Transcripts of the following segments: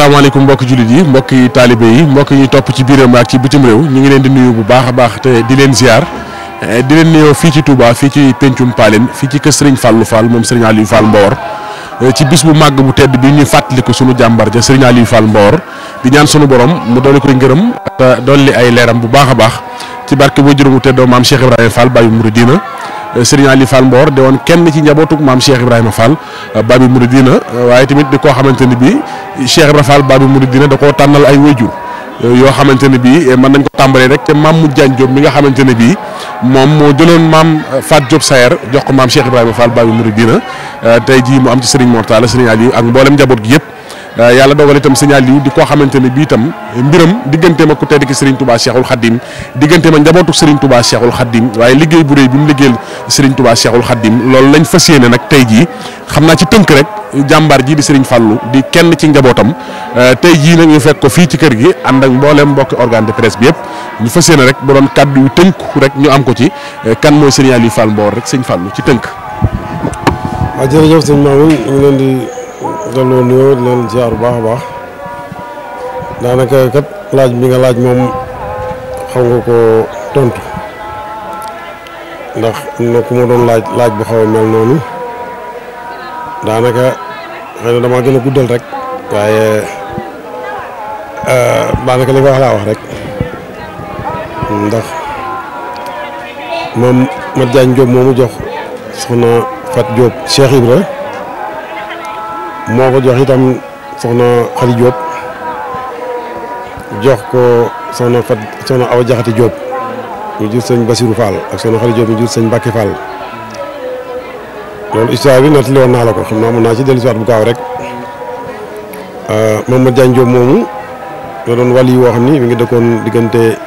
asalaamaaleykum mbokki jullit yi mbokki taalibe yi mbokk yi topp ci biiram ak ci bitim réew ñu ngi leen di nuyu bu baax a baax te di leen ziar eh, di leen nuyoo fii ci Touba fii ci Pencum Paaleen fii ci kër Serigne Fallou Fall moom Serigne Aliou faal mboor eh, ci bis bu màgg bu tedd bi ñu fàttaliku sunu jàmbar ja Serigne Aliou faal mboor di ñaan sunu borom mu dolli koy ngërëm te dolli ay leeram bu baax a baax ci barke bu juróom bu teddoo maam Cheikh Ibrahima Fall Baye Mouridina Serigne Ali Fall Mboor de woon kenn ci njabootug maam Cheikh Ibrahima Fall euh, Babi Mouridina euh, waaye tamit di koo xamante ne bii Cheikh Ibrahima Fall Babi Mouridina da koo tànnal ay wéjur euh, yoo xamante ne bii eh, mën nañ ko tàmbalee rek te maam mu Diagne Diop mi nga xamante ne bii moom moo jëloon maam Fat Diop Sayer jox ko maam Cheikh Ibrahima Fall Babi Mouridina tey jii mu am ci Serigne Mortala Serigne Ali ak mboolem njaboot gi yëpp. Euh, yàlla dogal itam signal yi di koo xamante bii itam eh, mbiram digganteem ak ku tedd ki Serigne Touba Cheikhul Khadim digganteem ak njabootu Serigne Touba Cheikhul Khadim waaye liggéey bu réy bi mu liggéeyal Serigne Touba Cheikhul Khadim loolu lañ fas yéene nag tey jii xam naa ci tënk rek jàmbaar ji di Serigne Fallou di kenn ci njabootam euh, tey jii nag ñu fekk ko fii ci kër gi ànd ak mbooleem mbokki organe de presse bi yëpp ñu fas yéene rek bu doon kàddu yu tënk rek ñu am ko ci euh, kan mooy Serigne Aliou Fall Mbor rek Serigne Fallou ci tënk. delloo nuyoo leen ziar bu baax baax daanaka kat laaj bi nga laaj moom xaw nga ko tontu ndax am na ku ma doon laaj laaj bu xaw a mel noonu daanaka xëy na dama gën a guddal rek waaye euh, daanaka li nga wax laa wax rek ndax moom Mat Jaañ Jóob moomu jox soxna Fat Jóob Cheikh Ibra moo ko jox itam soxna Xadi Diop jox ko soxna Fat soxna Awa Jaxate Diop mu jur sëñ Basirou Fall ak soxna Xadi Diop mu jur sëñ Mbacke Fall loolu histoire bi nettali woon naa la ci dellusiwaat rek euh, Mamadou Diagne Diop moomu la doon woo xam ni mi ngi dëkkoon diggante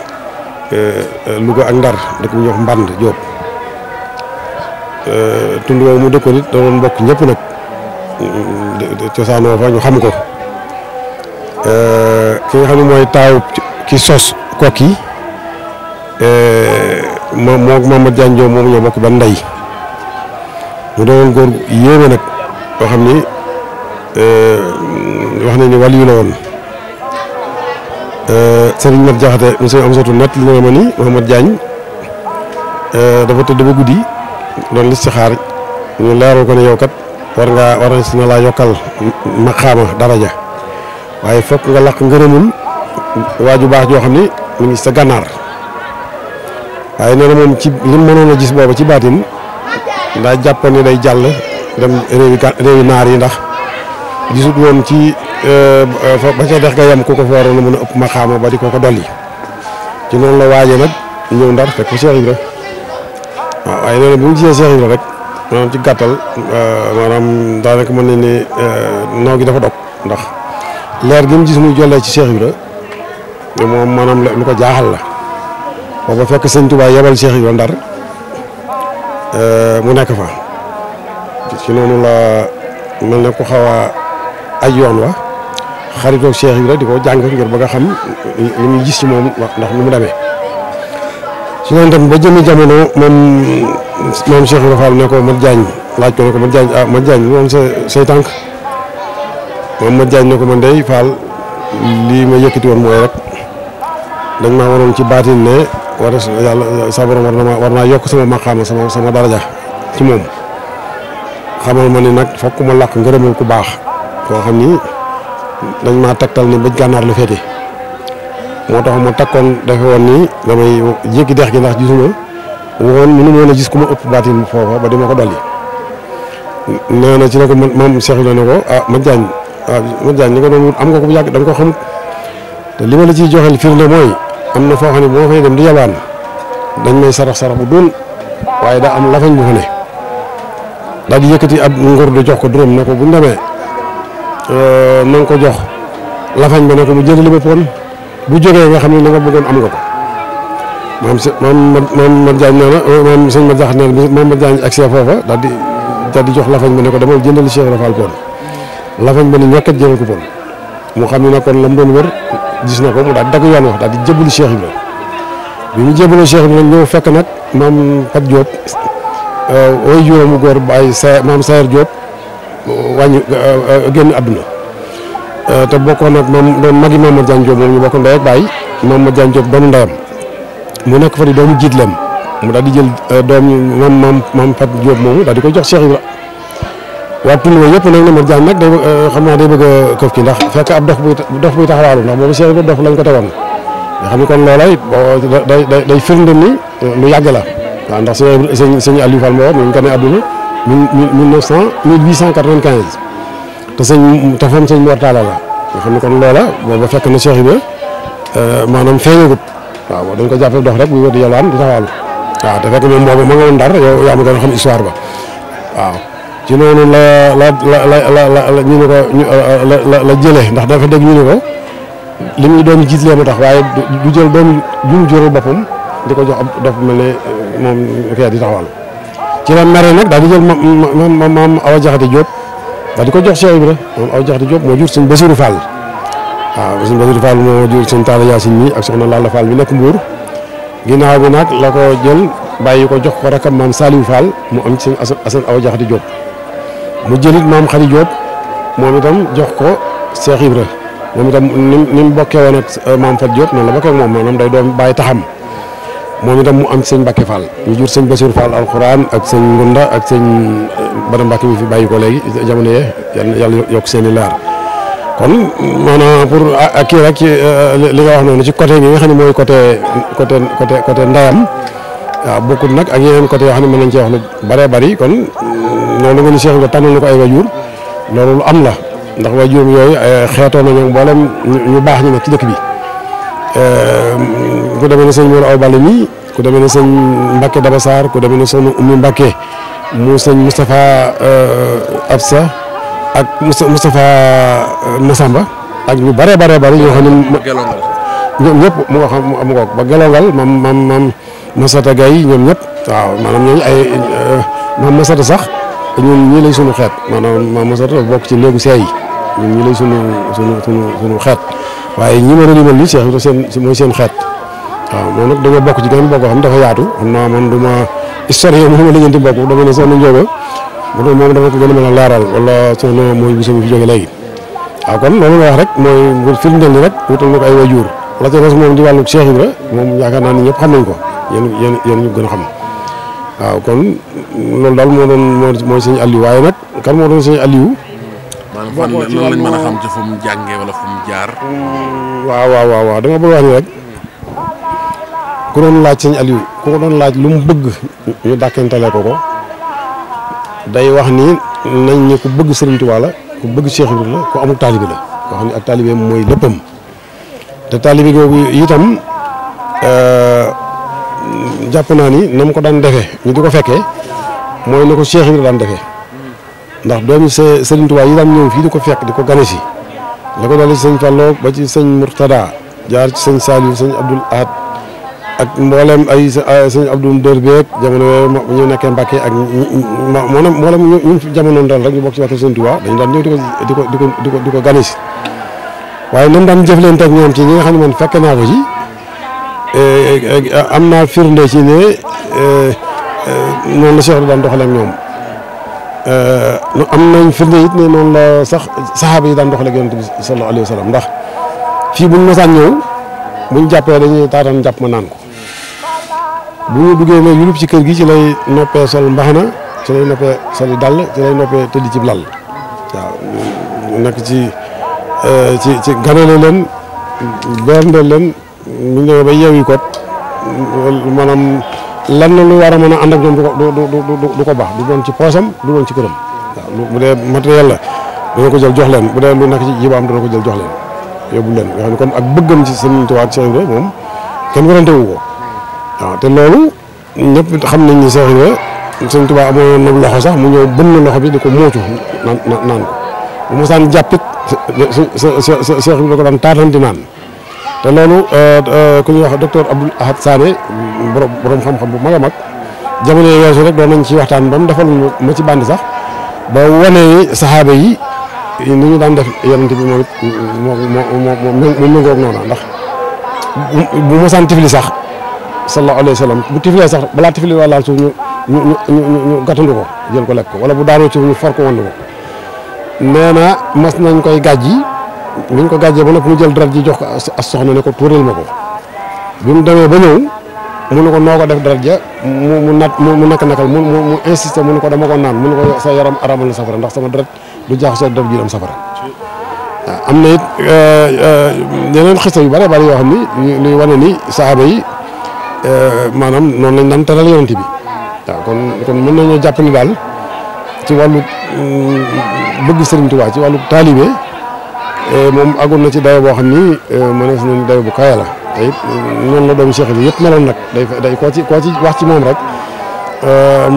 euh, euh, Louga ak Ndar dëkk bu ñuy wax Mband tund woowu mu dëkkoon it da mbokk ñëpp nag. cosaanoo fa ñu xam ko euh, ki nga xam ne mooy taaw ki sos kokk yi euh, moom moom Mamadou Diagne Diop moom ñoo bokk ba ndey mu doon góor yéeme nag boo xam ni euh, wax nañu ne waliyu la woon Serigne Mat Jaxate monsieur Amsatou nett li nga ma ni Mamadou Diagne dafa tëdd ba guddi doon listixaar ñu leeral ko ne yow kat. war nga war si na laa yokkal maqaama daraja waaye fokk nga lakk ngërëmul waaju baax joo xam ni mu ngi sa gànnaar waaye nee na ci li mu mënoon a gis booba ci baatin daa jàppoon ne day jàll naar yi ndax gisut woon ci euh, ba ca dex ga yem ku ko fa waroon ko ko dolli ci noonu la waaje nag ñëw ndar rek maanaam ci gàttal euh, maanaam daanaka mën nañ ne euh, noo gi dafa dog ndax leer gi mu gis muy jollee ci Cheikh Ibra moom maanaam lu ko jaaxal la booba fekk sëñ Tuubaa yebal Cheikh Ibra euh, mu nekk fa ci noonu la mel ne ku xaw a aj yoon wa xaritoo Cheikh Ibra di ko jàng ngir bëgg a xam li muy gis ci moom ndax ni mu demee ci noonu tam ba jëmi jamono moom moom Cheikh Ibrahima Fall ne ko Mat Diagne laaj ko ne ko Mat Diagne ah Mat Diagne moom sa say tànk moom Mat Diagne ne ko ma day Fall lii ma yëkkati woon mooy rek dañ ma waroon ci baatin ne war yàlla sa borom war na ma war naa yokk sama maqaama sama daraja ci moom xamal ma ni nag fokk ma làq ngërëmal ku baax koo xam ni dañ ma tegtal ni bëj gànnaar la féete moo tax ma takkoon dafe woon ni damay jéggi dex gi ndax gisuma woon mënu woon a gis ku ma ëpp baatin foofa ba ma ko dolli nee na ci la ko man moom Cheikh Ibrahima ne ko ah ma ah, ma jaañ ni ko am nga ko bu da ko xamut li ma la ciy joxeel firnde mooy am na foo xam ne boo di yabaan dañ may sarax sarax bu doon waaye daa am lafañ bu fa ne daal di yëkkati ab nguur di jox euh, na ko jox lafañ ba ne ko mu jënd li ma poon bu jógee nga xam ne li nga bëggoon am nga ko. maam si maam maam Mate Diagne nee na euh, maam sëñ Mate Diagne nee maam Mate Diagne ak Cheikh foofa daal di jox lafañ ba ne ko dama jëndal Cheikh Rafal Poul lafañ ba ne ñàkkat jëme ko Poul mu xam ne nag kon la mu doon wër gis na ko mu daal di dagg yoon wax daal di jébbalu Cheikh Ibra bi ñu jébbaloo Cheikh Ibra ñëw fekk nag maam Pat Diop euh, way juróomu góor bàyyi sa maam Sayer Diop euh, wàññi génn àdduna te bokkoon nag maam doon magi maam Mate Diagne Diop moom ñu bokkoon ndey ak bàyyi mu nekk fa di doomu jiitleem mu daal di jël euh, doom moom maam maam Fat Diop moomu daal di koy jox Cheikh Ibra waa tund wa yëpp nag ne Mor Diagne nag naa day bëgg a këf ki ndax fekk ab dox buy dox buy taxawaalu ndax boobu Cheikh ko tegoon nga xam ne kon loolay day ni euh, la waaw ndax sëñ sëñ Aliou Fall moo ñu ko ne àdduna mille neuf cent mille huit cent quatre la nga xam ne kon loola booba fekk na Cheikh Ibra euh, maanaam feeñagut waaw dañ ko jàppee dox rek bu wér di yalwaan di taxawal waaw te fekk moom boobu ma nga woon ndar yow yaa ma gën a la la la la ñu ne ko la la jëlee ndax dafa dégg ñu ne ko li muy doom jiitlee ma tax waaye du jël doom ju mu jural boppam di ko jox ab dof mel ne moom kii di taxawal ci la meree nag daal di jël ma maam Awa Jaxate Diop daal di ko jox Cheikh Ibra moom Awa Jaxate Diop moo jur suñ Basiru Fall waaw sëñ Basiru Fall moo jur sëñ Talla Yaasin mi ak soxna Lalla Fall bi nekk Mbuur ginnaaw bi nag la ko jël bàyyi ko jox ko rakam maam Saliou Fall mu am ci sëñ Assane Awa Jaxate Diop mu jëlit maam Xari Diop moom itam jox ko Cheikh Ibra moom itam ni mu bokkee woon ak euh, maam Fat Diop la bokkee ak moom maanaam day doom bàyyi taxam moom itam mu am ci sëñ Mbacke Fall ñu jur sëñ Basiru Fall alxuraan ak sëñ Ngunda ak sëñ euh, Bada Mbacke fi bàyyi ko léegi jamono yee yàlla yokk seeni i laar kon maanaam pour kii rek ci euh, li nga wax noonu ci côté bi nga xam ne mooy côté côté côté côté ndayam waaw bokkut nag ak yeneen côté yoo xam ne mën nañ cee wax lu bëree bëri kon loolu euh, nga ni Cheikh nga tànnal na ko ay wajur loolu lu am la ndax wajur yooyu euh, xeetoon nañu mboolem ñu baax ñu nekk ci dëkk bi ku demee ne sëñ Mor Awa Balla mi ku demee ne sëñ Mbacke Daba Sarr ku demee ne sëñ Oumy Mbacke mu sëñ Moustapha Absa ak Moustapha euh, Massamba ak ñu bare bare bare ñoo xam ne ñoom ñëpp mu wax mu ngoog ba gelongal mam mam mam Masata Gaye ñoom ñëpp waaw maanaam ñooñu ay euh, mam Masata sax ñun ñii lay sunu xeet maanaam mam Masata bokk ci néegu seey yi ñun ñii lay sunu sunu sunu sunu xeet waaye ñi ma doon limal nii Cheikh seen mooy seen xeet waaw moom nag dañoo bokk ci gan bokk xam dafa yaatu xam naa man du ma historique mënu ma lijjanti dama ne soxna Njóoba bu dee moom dafa ko gën a mën a leeral wala soo noo mooy bisim fi jóge léegi waaw kon loolu nga wax rek mooy bu firndeel ni rek ay wajuur la ca des moom di wàllu Cheikh Ibra moom yaakaar naa ni ñëpp xam nañ ko yéen yéen yéen ñu gën a xam waaw kon loolu daal moo mooy sëñ Aliou waaye nag kan moo doon sëñ Aliou. maanaam fan lan lañ a fu mu jàngee wala fu jaar. Mm, waaw waaw waaw waaw dama bëgg wax ni rek ku doon laaj sëñ Aliou ku ko laaj lu mu bëgg ñu dàkkantalee ko ko. day wax ni nañ ñu ku bëgg Sëriñ Tuubaa la ku bëgg Cheikh Ibrahima la ku amul taalibe la koo xam ne ak taalibe mooy léppam te taalibe googu itam euh, jàpp naa ni na mu ko daan defe ñu di ko fekkee mooy na ko Cheikh Ibrahima daan defee ndax doomi Sëriñ Tuubaa yi daan ñëw fii di ko fekk di ko gane si la ko dalee ci sëñ Fallou ba ci sëñ Murtada jaar ci sëñ Saliou sëñ Abdoul Ahad ak mboolem ay sëñ Abdou Ndër beeg jamono yooyu ñu nekkee Mbacke ak maanaam mboolem ñu jamono ndal rek ñu bokk ci waxtaan sëñ Tuubaa dañu daan ñëw di ko di ko di ko di ko gane si waaye nañ daan jëflante ak ñoom ci ñi nga xam ne man fekk naa ko ci eh, eh, am naa firnde ci ne eh, noonu la Cheikh daan doxalee ak ñoom am nañ firnde it ne noonu la sax saxaaba yi daan doxalee ak Yonent bi sallallahu alayhi wa sallam ndax fii buñ mosaan ñëw buñ jàppee dañuy taataan jàpp ma naan ko. bu ñu duggee nag yulub ci kër gi ci lay noppee sol mbaxana ci lay noppee soli dàll ci lay noppee tëdd ci lal waaw nekk ci euh, ci ci ganale leen bernde leen bu ñu demee ba yeewi kot maanaam lan la lu war a mën a ànd ak ñoom du ko ko baax du doon ci poosam du doon ci këram waaw bu dee matériel la dana ko jël jox leen bu dee lu nekk ci jibaam dana ko jël jox leen yóbbu leen nga xam ne kon ak bëggam ci seen tuwaat seen moom kenn warante wu ko waaw te loolu ñëpp xam nañ ni Seex Ibra Sëñ Tuubaa amoon na loxo sax mu ñëw bën na loxo bi di ko moocu naan naan ko bu mu saan jàppit Seex Ibra da ko daan taatante naan te loolu euh, euh, ku ñuy mu docteur Abdoul Ahad Sané borom borom xam-xam bu mag a mag jamono yi weesu rek doon nañ ci waxtaan ba mu defal mu ci bànd sax ba wane saxaaba yi ni ñu daan def yonent bi moom it moo moo moo moo méngóog noonu ndax bu bu mosaan tifli sax. sallallahu alayhi wa sallam bu tiflee sax balaa tifli waa laal suuf ñu ñu ñu ñu gàttandu ko jël ko lekk ko wala bu daanoo ci ñu for ko woon ko nee na mas nañ koy gàjji bu ñu ko gàjjee ba noppi mu jël deret ji jox ko as soxna ne ko tuural ma ko bi mu demee ba ñëw mu ne ko noo ko def deret ja mu mu nat mu nakk nakal mu mu mu insisté mu ne ko dama ko naan mu ne ko sa yaram aramal na safara ndax sama deret du jaax sa deret ji dem safara am na it euh, euh, yeneen xista yu bare bare yoo xam ni luy ni saxaaba yi Euh, maanaam noonu lañ daan teral yonent bi waaw kon kon mën nañoo jàpp ni daal ci wàllu mm, bëgg Serigne Touba ci wàllu taalibe euh, moom agoon na ci dayo boo xam ni euh, mënees nañ dayo bu kaaya la te mm, noonu la doomu Cheikh bi yëpp meloon nag day day koo ci koo ci wax ci moom rek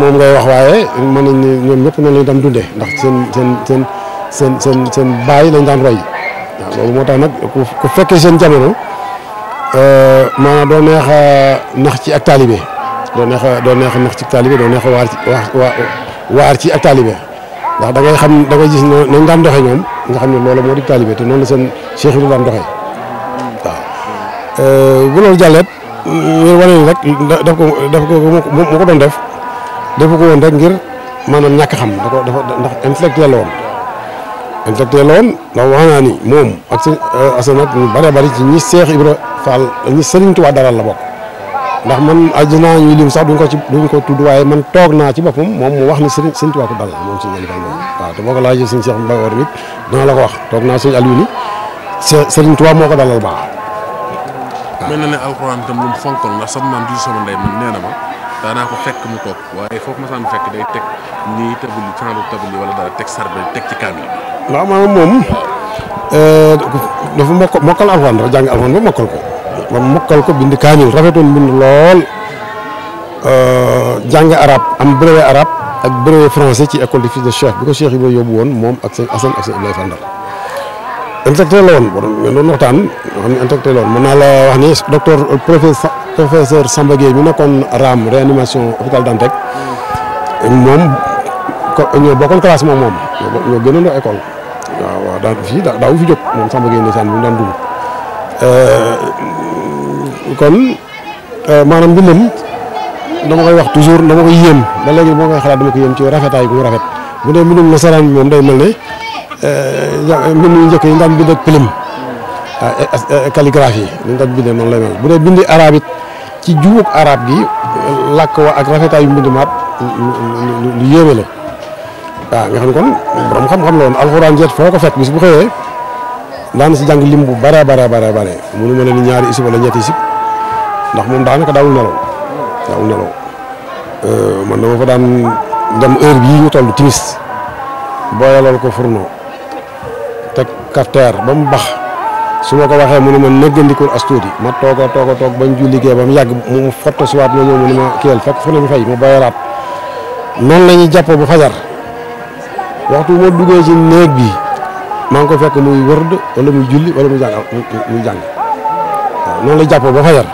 moom ngay wax waaye mën nañ ne ñoom ñëpp noonu lañ daan dundee ndax seen seen seen seen seen seen bàyyi lañ daan roy waaw moo tax nag ku fekkee seen jamono. Euh, maanaam doo neex nax ci ak taalibe doo neex doo neex nax ci taalibe doo neex waar ci waar ci ak taalibe ndax da ngay xam da ngay gis ne nañ daan doxee ñoom nga xam ne loolu moo di taalibe te noonu seen cheikh yi daan doxee waaw. Euh, bu loolu jàllet ngir wane rek daf ko daf ko mu ko doon def def ko woon rek ngir maanaam ñàkk xam da ko dafa ndax intellectuel la te lool ndax wax naa ni moom ak sëñ eh, Assane ak ñu bëree bëri ci ñi Seex Ibra Fall ñi Sëriñ Tuubaa dalal la bokk ndax man naa ñu lim sax duñ ko ci duñ ko tudd waaye man toog naa ci boppam moom mu wax ni Sëriñ Sëriñ Tuubaa ko dalal moom sëñ Aliou Fall waaw te boo ko laajee sëñ Seex Mbay war nit dana la ko wax toog naa sëñ Aliou ni Sëriñ Tuubaa moo ko dalal baax. waaw mel na ne alxuraan tam lu mu fonkoon ndax sama maam di sama ndey man nee na ma. daanaa ko fekk mu toog waaye foofu ma saan fekk day teg nii tabul sanru tabul yi wala dara teg sarbe teg ci kaamil bi waaw maanaam moom dafa mokk mokkal alxuraan dafa jàng alxuraan ba mokkal ko bind kaamil rafetoon bind lool euh, jàng arab am brevet arab ak brevet français ci école de fils de Cheikh bi ko Cheikh Ibrahima yóbbu woon moom ak seen Assane ak seen Ibrahima Fandar intellectuel la woon borom ngeen doon waxtaan nga xam ne intellectuel naa la wax ni docteur euh, professeur professeur Samba Gueye mi nekkoon raam réanimation hôpital Dantec mm. moom ñoo bokkoon classe moom moom ñoo gënoon a école waaw waaw daan fii fi jóg moom Samba Gueye ndeysaan mu daan dugg euh, kon euh, maanaam mbindam dama koy wax toujours dama koy yéem ba léegi moo koy xalaat dama ko yéem ci rafetaay bu mu rafet bu dee mbindum nasaraan bi moom day mel ne Eh, mbind yu njëkk yi ñu daan bind ak plume ah eh, eh, calligraphie li ñu daan bindee noonu la bu dee bindi arab ci juwug arab gi làkk wa ak rafetaayu mbind maat lu yéeme la waaw ah, nga xam kon borom xam-xam la alxuraan jeet foo ko fekk bis bu xëyee si jàng lim bu bare bare bare bare mënu ma ne ni ndax moom daanaka daawul nelaw daawul nelaw man dama fa daan dem heure bii ñu toll timis booyalool ko fourneau kafteer ba mu bax su ma ko waxee mu ne ma nëggandikul as tuuti ma toog a toog a toog bañ ju liggéey ba mu yàgg mu fotta siwaat ma ñëw mu ne ma kiyal fekk fu ne mu fay la ñuy jàpp bu fajar waxtu bu ma ko fekk muy wërd wala muy julli wala muy jàng muy jàng waaw noonu ba fajar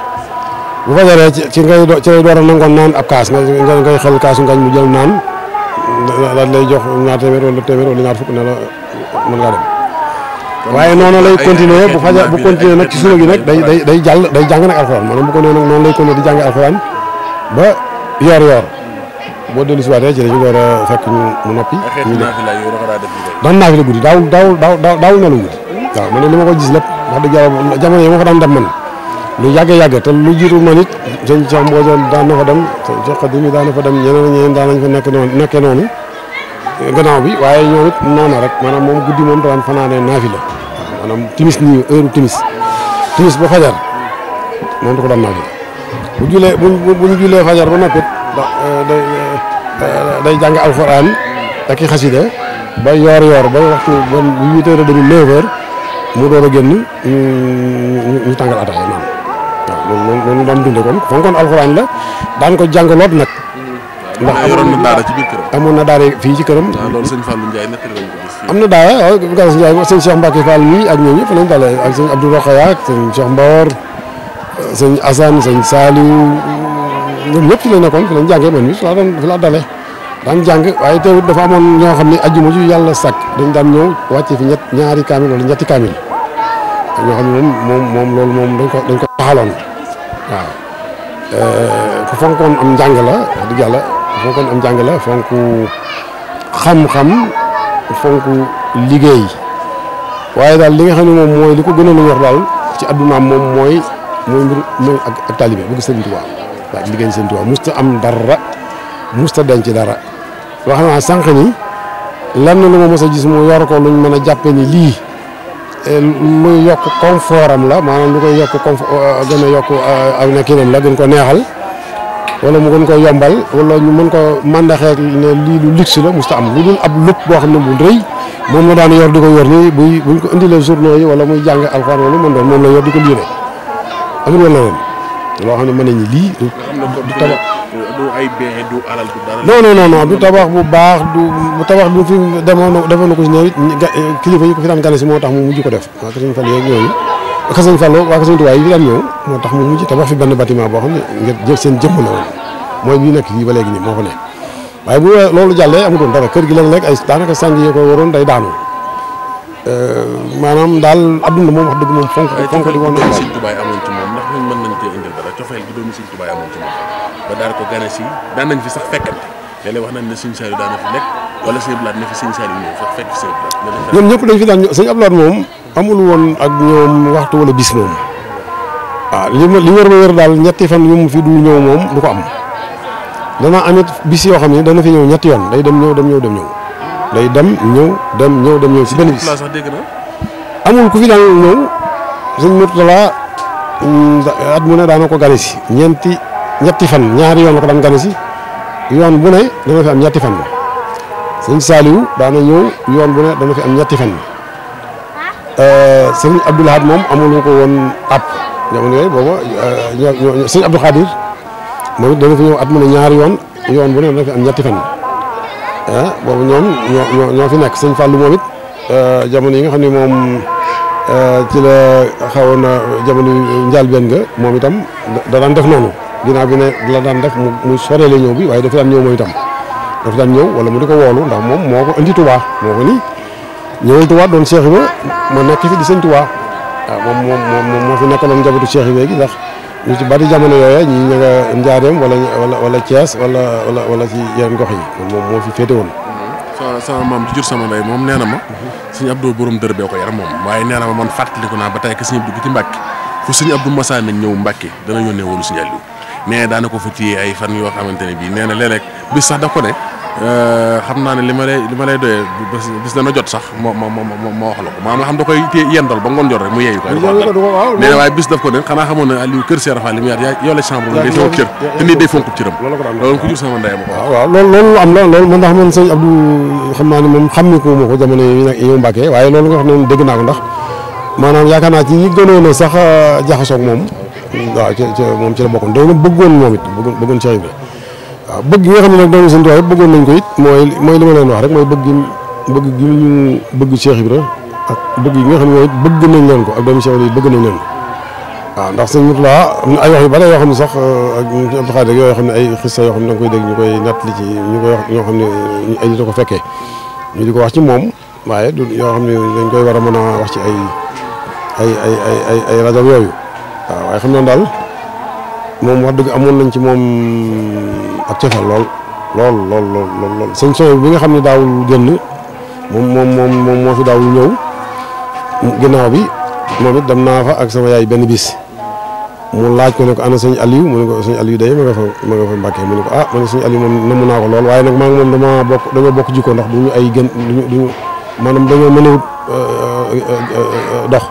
bu fajaree ci a nangoo naan ab kaas nga nga ngay xel kaasu ngañ mu jël naan daal lay jox ñaar téeméer wala téeméer wala ñaar fukk ne la mën ngaa dem. waaye noonu lay continuer bu faja bu continuer nag ci suba gi nag day day day jàll day jàng nag alxuraan maanaam bu ko nee nag noonu lay continuer di jàng alxuraan ba yoor yoor boo dellu si waatee ci dañu door a fekk ñu mu noppi. ñu def daan naa fi la guddi daaw daaw daaw daaw na la guddi. waaw li ma ko gis lépp wax dëgg yàlla jamono yi ma fa daan dem man lu yàgg yàgg te lu jiitu man it sëñ Cheikh Mbodj daan na fa dem sëñ Cheikh Xadim daan na fa dem ñeneen ñeneen daan nañ fa nekk noonu nekkee noonu gannaaw bi waaye ñoom it noona rek maanaam moom guddi moom daan fanaanee naafi la maanaam timis nii heure timis timis ba fajar moom da ko daan naafi bu julee bu bu julee fajar ba noppit day day jàng alxuraan ak i xasida ba yoor yoor ba waxtu ba huit heures et mu door a génn ñu tàngal ataaya maanaam waaw daan dunde kon fonkoon alxuraan la daan ko jàng loot nag ndax yoroon na daara ci biir amoon na daara fii ci këram ah, loolu sëñ Fallou Ndiaye nekk nañ ko am na daara waaw gaa sëñ Ndiaye sëñ Cheikh Mbacke Fall mi ak ñoom ñëpp lañ dale ak sëñ Abdou Rokhaya ak sëñ Cheikh Mbawor sëñ Assane sëñ Saliou ñoom ñëpp ci la nekkoon fi lañ jàngee man mi laa doon fi laa dale daan jàng waaye teewut dafa amoon ñoo xam ne ajjuma ju yàlla sàkk dañ daan ñëw wàcce fi ñaari kaamil wala ñetti kaamil ñoo xam ne moom moom loolu moom dañ ko dañ ko taxaloon waaw eh, ku fonkoon am njàng la wax dëgg fonkoon am jàng la fonk xam-xam fonk liggéey waaye daal li nga xam ne moom mooy li ko gënoon a ñor daal ci addunaam moom mooy mooy mbir mooy ak taalibe bëgg Sëriñ Tuubaa waaw liggéey Sëriñ Tuubaa musta am dara musta denc dara wax naa sànq ni lan na lu ma mos a gis mu yor ko luñ mën a jàppe ni lii eh, lu yokk confort am la maanaam lu koy yokk confort gën a yokk eh, ak nekkinam la gën ko neexal wala mu gën ko yombal wala ñu mën ko mandaxee ne lii lu luxe la musta am lu dul ab lépp boo xam ne bu rëy moom la daan yor di ko yor nii buy buñ ko indilee journaux yi wala muy jàng alxuraan wala mën doon moom la yor di ko liire amul wala woon loo xam ne mën nañu lii du tabax du ay bee du alal du dara non non non non du tabax bu baax du tabax bu fi demoon defoon na ko si ñëw it kilifa yi ko fi daan gane si moo tax mu mujj ko def waa kër Sëñ Fall yeeg yooyu ka sëñ Fallou waa ka sëñ Tuubaa yi fi daan ñëw moo tax mu mujj tabax fi benn bâtiment boo xam ne ngir seen jëmm la woon mooy bi nekk fii ba léegi nii moo fa nekk waaye bu loolu jàllee amutoon dara gi léeg ko waroon day daanu euh, maanaam daal adduna moom wax dëgg moom fonk fonk di woon sëñ Tuubaa amoon ci moom ndax ñun mën gane si daan nañ fi sax fekkante léeg-léeg wax nañ ne sëñ Saliou daan na ne fi sëñ Saliou ñëw sax ñoom ñëpp dañ fi daan ñëw sëñ moom amul woon ak ñoom waxtu wala bis moom waaw ah, li ma li wër ma ñetti fan yu fi du moom du ko am dana bis yoo xam ne dana fi ñëw ñetti yoon day dem ñëw dem ñëw dem day dem ñëw dem ñëw dem ñëw ci benn bis. amul ku fi daan ñëw sëñ Murtala mm, at mu ne daana ko gane si ñeenti ñetti fan ñaari yoon la ko daan gane si yoon bu ne dana fi am ñetti fan sëñ Saaliw daana ñëw yoon bu ne dana fi am ñetti fan. Euh, sëñ Abdou Lahad moom amul ko woon app jamono yooyu booba euh, ñoo sëñ Abdou Khadir moom it dana fi ñëw at mu ne ñaari yoon yoon bu ne dana fi am ñetti fan ah boobu ñoom ñoo ñoo fi nekk sëñ Fallou moom it euh, jamono yi nga xam ne moom la xawoon jamono nga moom itam da daan def noonu ginnaaw bi ne la daan def mu soree la ñëw bi waaye dafa daan ñëw moom itam dafa daan ñëw wala mu di ko woolu ndax moom moo ko indi Tuubaa moo ko nii ñëwul Tuubaa doon Cheikh Ibra ma nekk fi di sëñ Tuubaa waaw ah, moom moom moo fi nekkaloon njabootu Cheikh Ibra gi ndax ñu ci bari jamono yooya ñi ña nga Njaareem wala wala wala Thiès wala wala wala ci yeneen gox yi moom moo fi féete woon. sama sama maam di jur sama ndey moom nee na ma sëñ Abdou borom dër bee ko yar moom waaye nee na ma man fàttaliku naa ba tey que sëñ Abdou ci Mbàkke fu sëñ Abdou Massaane ñëw Mbàkke dana yónnee wóolu sëñ Aliou nee daana ko fa téye ay fan yoo xamante ne bii nee na léeg-léeg bis sax da ko ne Euh, xam naa ne li ma lay li ma lay doyee bis dana jot sax moo moo moo moo wax la ma maanaam xam da koy yendal ba ngoon jot rek mu yeeyu ko nee na waaye bis daf ko ne xanaa xamoon ne Aliou kër Cheikh Rafal li mu yaat yow la chambre ngay sama cër te nii day fonk cëram xam naa ne moom xam ni ko ma ko jamono yi nag yow Mbacke waaye loolu nga xam ne dégg naa ko ndax maanaam yaakaar naa ci ñi gënoon a sax jaxasoog moom waaw ci moom ci la bokkoon da bëggoon moom it bëggoon Cheikh Ibrahima waaw bëgg gi nga xam ne nag doomu sëñ Tuubaa yëpp bëggoon nañ ko it mooy mooy li ma leen wax rek mooy bëgg bëgg gi ñu bëgg Cheikh Ibra ak bëgg yi nga xam ne bëgg nañ leen ko ak doomu Cheikh yi bëgg nañ leen ko ndax sëñ Murtala am ay wax yoo xam ne sax euh, ak Abdou Khadir yoo xam ne ay xissa yoo xam ne da nga koy ci ñu koy xam ne ay nit a ko fekkee ñu di ko wax ci moom waaye du yoo xam ne koy war mën a wax ci ay ay ay ay ay rajo yooyu waaw waaye xam naa daal moom wax dëgg amoon nañ ci moom ak cofeel lool lool lool lool lool lool sëñ Sow bi nga xam ne daawul génn moom moom moom moom moo fi daawul ñëw ginnaaw bi moom it dem naa fa ak sama yaay benn bis mu laaj ko ne ko ana sëñ Aliou mu ne ko sëñ Aliou day ma nga fa ma nga fa Mbàkke mu ne ko ah ma ne sëñ Aliou moom namu naa ko lool waaye nag maa ngi moom dama ay gën duñu duñu maanaam dañoo mën a euh, euh, euh, dox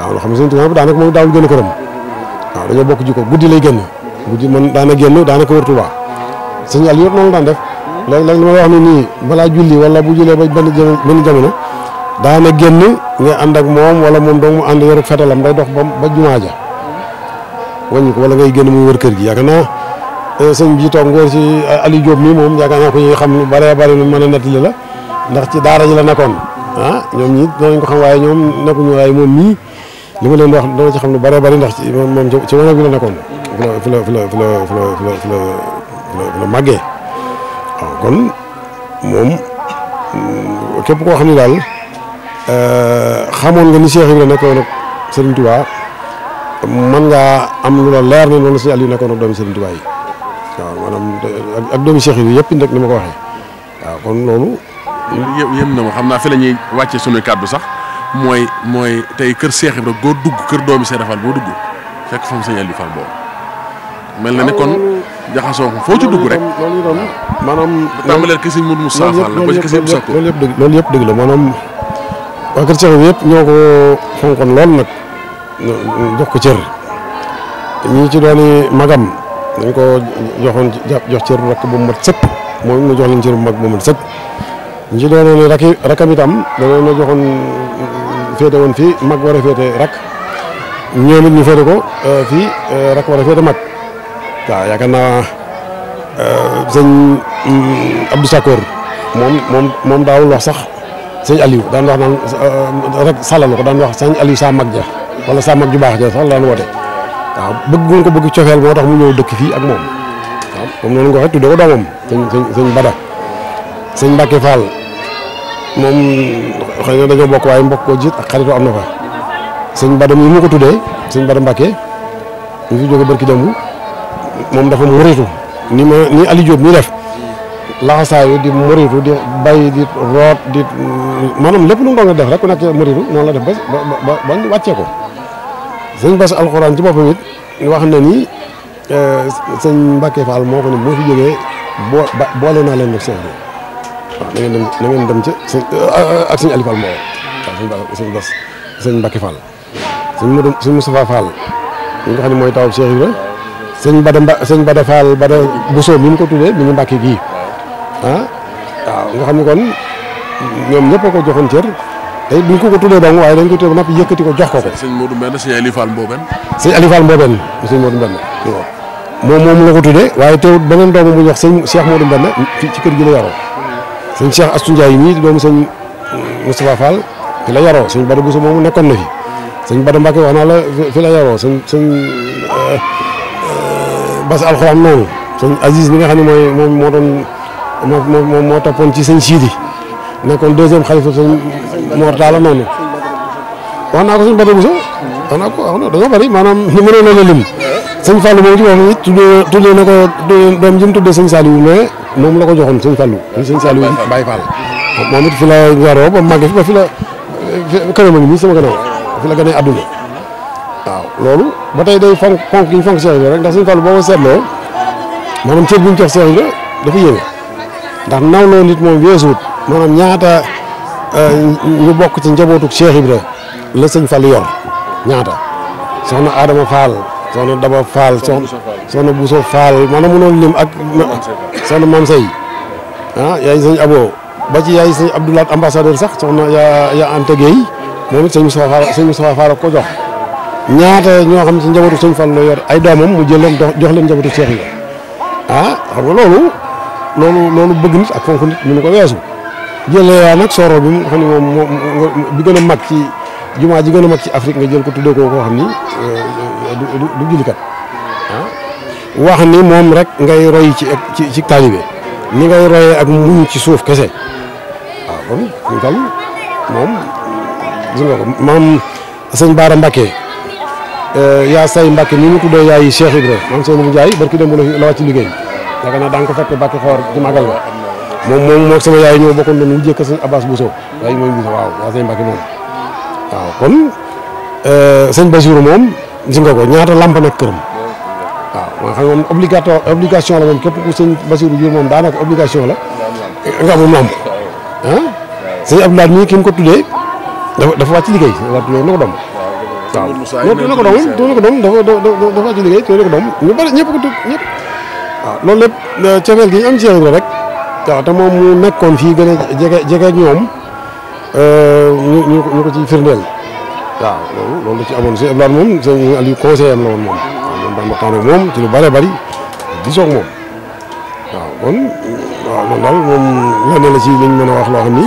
waaw loo xam ne sëñ Tuubaa daanaka moom daawul génn këram waaw dañoo bokk jikko guddi lay génn guddi man daana génn daanaka wër Tuubaa signal yëpp noonu daan def léeg-léeg li ma wax ni nii balaa julli wala bu jullee ba benn benn jamono daana génn nga ànd ak moom wala moom dong mu ànd yoru fetalam day dox ba ba jumaa ja wàññi ko wala ngay génn muy wër kër gi yaakaar naa eh, sëñ bi toog ngóor si eh, Aliou Diop mii moom yaakaar naa ko ñuy xam lu bare bëri lu mën a la ndax ci daara ji la nekkoon ah ñoom ñi danañ ko xam waaye ñoom nekkuñu waaye moom mii li ma leen wax dana ci xam lu bëree bëri ndax ci moom ci wanag bi la fi la fi la fi la la màggee waaw kon moom mm, képp koo xam ne daal euh, xamoon nga ni Cheikh Ibra nekkoon ak Serigne Touba mën ngaa am lu la laar ne noonu la doomi Serigne Touba yi waaw maanaam ak doomi Cheikh Ibra yëpp nag ni ma ko waxee waaw kon loolu. yéen na ma xam naa fi lañuy wàcce suñuy kàddu sax mooy mooy tey kër Cheikh Ibra boo dugg kër doomi Cheikh Ibra Fall boo dugg fekk fa mu Serigne Aliou boobu mel na ne jaxasoo ko foo ci dugg rek loolu itam maanaam tàmbaleel ki sëñ Mourou Moussa Fall la ba yëpp dëgg la maanaam waa kër Cheikh bi yëpp ñoo ko fonkoon lool nag jox ko cër ñii ci dooni magam dañ ko joxoon jox cër rakk bu mat sëpp moom mu jox leen cër bu mag bu mat sëpp ñi ci dooni rakk rakkam itam dañoo na joxoon féete woon fii mag war a rakk ñoom it ñu ko euh, fi euh, rakk war a mag waaw yaakaar naa euh, sëñ mm, Abdou Sakor moom moom moom daawul wax sax sëñ Aliou daan wax naan euh, rek sàllalu ko daan wax sëñ Aliou saa mag ja wala sa mag ju baax ja sax la daan woote waaw bëgg nga ko bëgg cofeel moo tax mu ñëw dëkk fii ak moom waaw comme noonu ko doomam sëñ sëñ sëñ sëñ Mbacke Fall moom xëy na dañoo bokk waaye mbokk koo jiit ak xaritoo am na fa sëñ Bada mi mu ko tuddee sëñ Bada Mbacke ñu fi jóge barki démb moom dafa muritu ni ma ni Aliou Diop mi def laxasaayu di muritu di bay di root di maanaam lépp lu mu doon def rek ku nekk muritu noonu la def ba ba ba wàccee ko sëñ Bass alxuraan ci boppam it wax na ni euh, sëñ Mbacke Fall moo ko ni moo boole naa leen ak sëñ bi waaw dem ci sëñ euh, ak sëñ Aliou Fall moo waaw sëñ Bass sëñ Mbacke Fall sëñ Modou sëñ xam ne mooy taw Cheikh sëñ Bada Mba sëñ Bada Fall Bada Bousso mi mu ko tuddee mi ngi Mbàkke gii ah waaw nga xam ne kon ñoom ñëpp a ko joxoon cër tey duñ ko ko tuddee dong waaye dañ ko tuddee ba yëkkati ko jox ko ko. sëñ Modou Mbène sëñ Aliou Fall Mbobène. sëñ Aliou Fall Mbobène sëñ ko tuddee waaye teewut beneen doomu bu ñuy wax sëñ Cheikh Modou Mbène fii ci kër gi la yaroo. sëñ Cheikh Astou Ndiaye mii doomu sëñ Moustapha Fall fi la yaroo sëñ Bada Bousso moomu nekkoon na fi sëñ Bada Mbacke wax naa la fi la yaroo sëñ sëñ eh, bas alxuraan noonu sëñ Aziz mi nga xam ne mooy moom moo doon moo moo toppoon ci sëñ Sidi nekkoon deuxième xalifa sëñ Mor Talla noonu wax naa ko sëñ Bada Bousso wax naa ko na dañoo bëri na la lim na ko doom ji mu tuddee sëñ Saliou mais moom la ko joxoon sëñ Fallou sëñ Saliou Baye Fall moom it fi la yaroo ba màgg fi ba a ngi nii sama gannaaw fi la gën a adduna loolu ba tey day fonk fonk gi ñu fonk Cheikh Ibra rek ndax suñu Fallu boo ko seetloo maanaam cër bu ñu jox Cheikh Ibra dafa yéeme ndax nawloo nit moom weesuut maanaam ñaata euh, ñu bokk ci njabootuk Cheikh Ibra la sëñ Fallu yor ñaata soxna Adama Fall soxna Daba Fall soxna Bousso Fall maanaam mënoon lim ak soxna Mam Sey ah yaay sëñ Abo ba ci yaay sëñ Abdoulaat ambassadeur sax soxna yaa yaa Anta Gueye moom it sëñ Moustapha Fall sëñ ko jox ñaata ñoo xam si njabootu sëñ Fallu yor ay doomam mu jox leen njabootu Seex yi ah loolu loolu bëgg nit ak fonk nit mënu ko weesu jëlee yaa nag bi nga xam ne moom mag ci jumaa ji gën mag ci Afrique nga jël ko tuddee ko koo xam ni euh, du jullikat ah, wax ni moom rek ngay roy ci ci ci taalibe ni ngay royee ak muñ ci suuf kese waaw ah, kon ñu tam moom gis Baara Mbacke Euh, yaa say Mbacke mi ñu tuddee yaayi Cheikh Ibrahima maam Seydou Ndiaye barki dem la wàcc liggéey yaakaar naa daa ko fekk Mbacke xoor ci magal la moom moom moog sama yaay ñoo bokkoon doon wujjee sëñ Abbas Bousso yaay mooy Bousso waaw yaa say Mbacke moom euh, ñaata lamp nag këram waaw maa la moom képp ku sëñ Bassirou jur la nga amum lamp ah sëñ mii ki mu ko tuddee dafa dafa wàcc liggéey dafa na ko doom waaw loolu dina ko doon dina ko doon dafa dafa ci liggéey dina ko doon ñu bëri ñëpp ko ñëpp waaw loolu lépp cofeel gi ñu am ci rek waaw te moom mu nekkoon fii gën a jege jege ñoom ñu ñu ko ci firndeel waaw loolu loolu la ci amoon Cheikh Ibrahima moom sëñ Aliou conseiller am la woon moom waaw moom daan waxtaan ak moom ci lu bëree bëri di soog moom waaw kon waaw loolu daal moom lenn la ci liñ mën a wax loo xam ni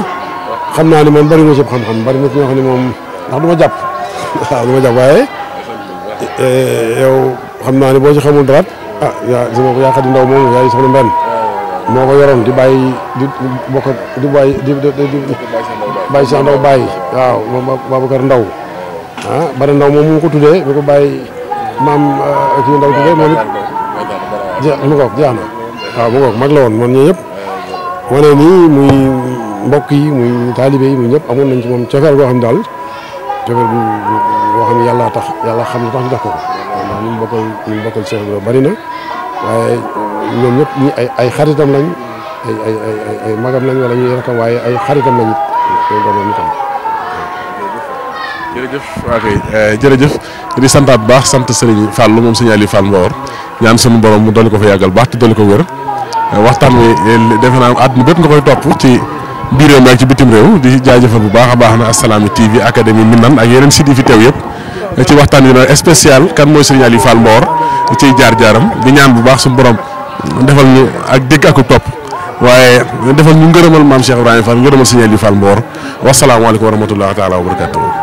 xam naa ne moom bëri na ci xam-xam bëri na xam ne jàpp waaw li ma jàpp waaye eh, yow xam naa ne boo ci xamul dara ah yaa sama xadi ndaw moom yaa soxna mbenn moo ko yoroon di bàyyi di bokk di bàyyi di bàyyi Cheikh Ndaw bàyyi waaw moom Babacar Ndaw ah bari Ndaw moom mu ko tuddee eh, Ndaw tuddee moom it jeex mu ngoog na waaw mu ngoog mag la woon man ñii yëpp nii muy mbokk yi muy taalibe yi muy ñëpp amoon nañ ci moom cofeel goo xam daal cofeel bu boo xam ne yàlla tax yàlla xam ne tax ñu jox ko ko ndax ñu bokkal ñu bokkal Cheikh Ibrahima bari na waaye ñoom ñëpp ñi ay ay xaritam lañ ay ay ay ay magam lañ wala ñuy rakam waaye ay xaritam lañ it loolu doon itam jërëjëf waa kay eh, di santaat baax sant Serigne Fall moom Serigne Aliou Fall Mbawar ñaan sunu borom mu dolli ko fa yàggal baax te dolli ko wér eh, waxtaan wi eh, defe naa àdduna bépp nga koy topp ci biir réew ak ci bitim réew di jaajëfal bu baax a baax na Assalaamy TV académie Minane ak yeneen site yi fi teew yëpp ci waxtaan wi ma spécial kan mooy Serigne Aliou Fall Mbor ciy jaar-jaaram di ñaan bu baax su borom defal ñu ak dégg ak topp waaye defal ñu ngërëmal maam Cheikh Ibrahima Fall ngërëmal Serigne Aliou Fall Mbor wasalaamaaleykum wa rahmatullahi taala wa barakatuh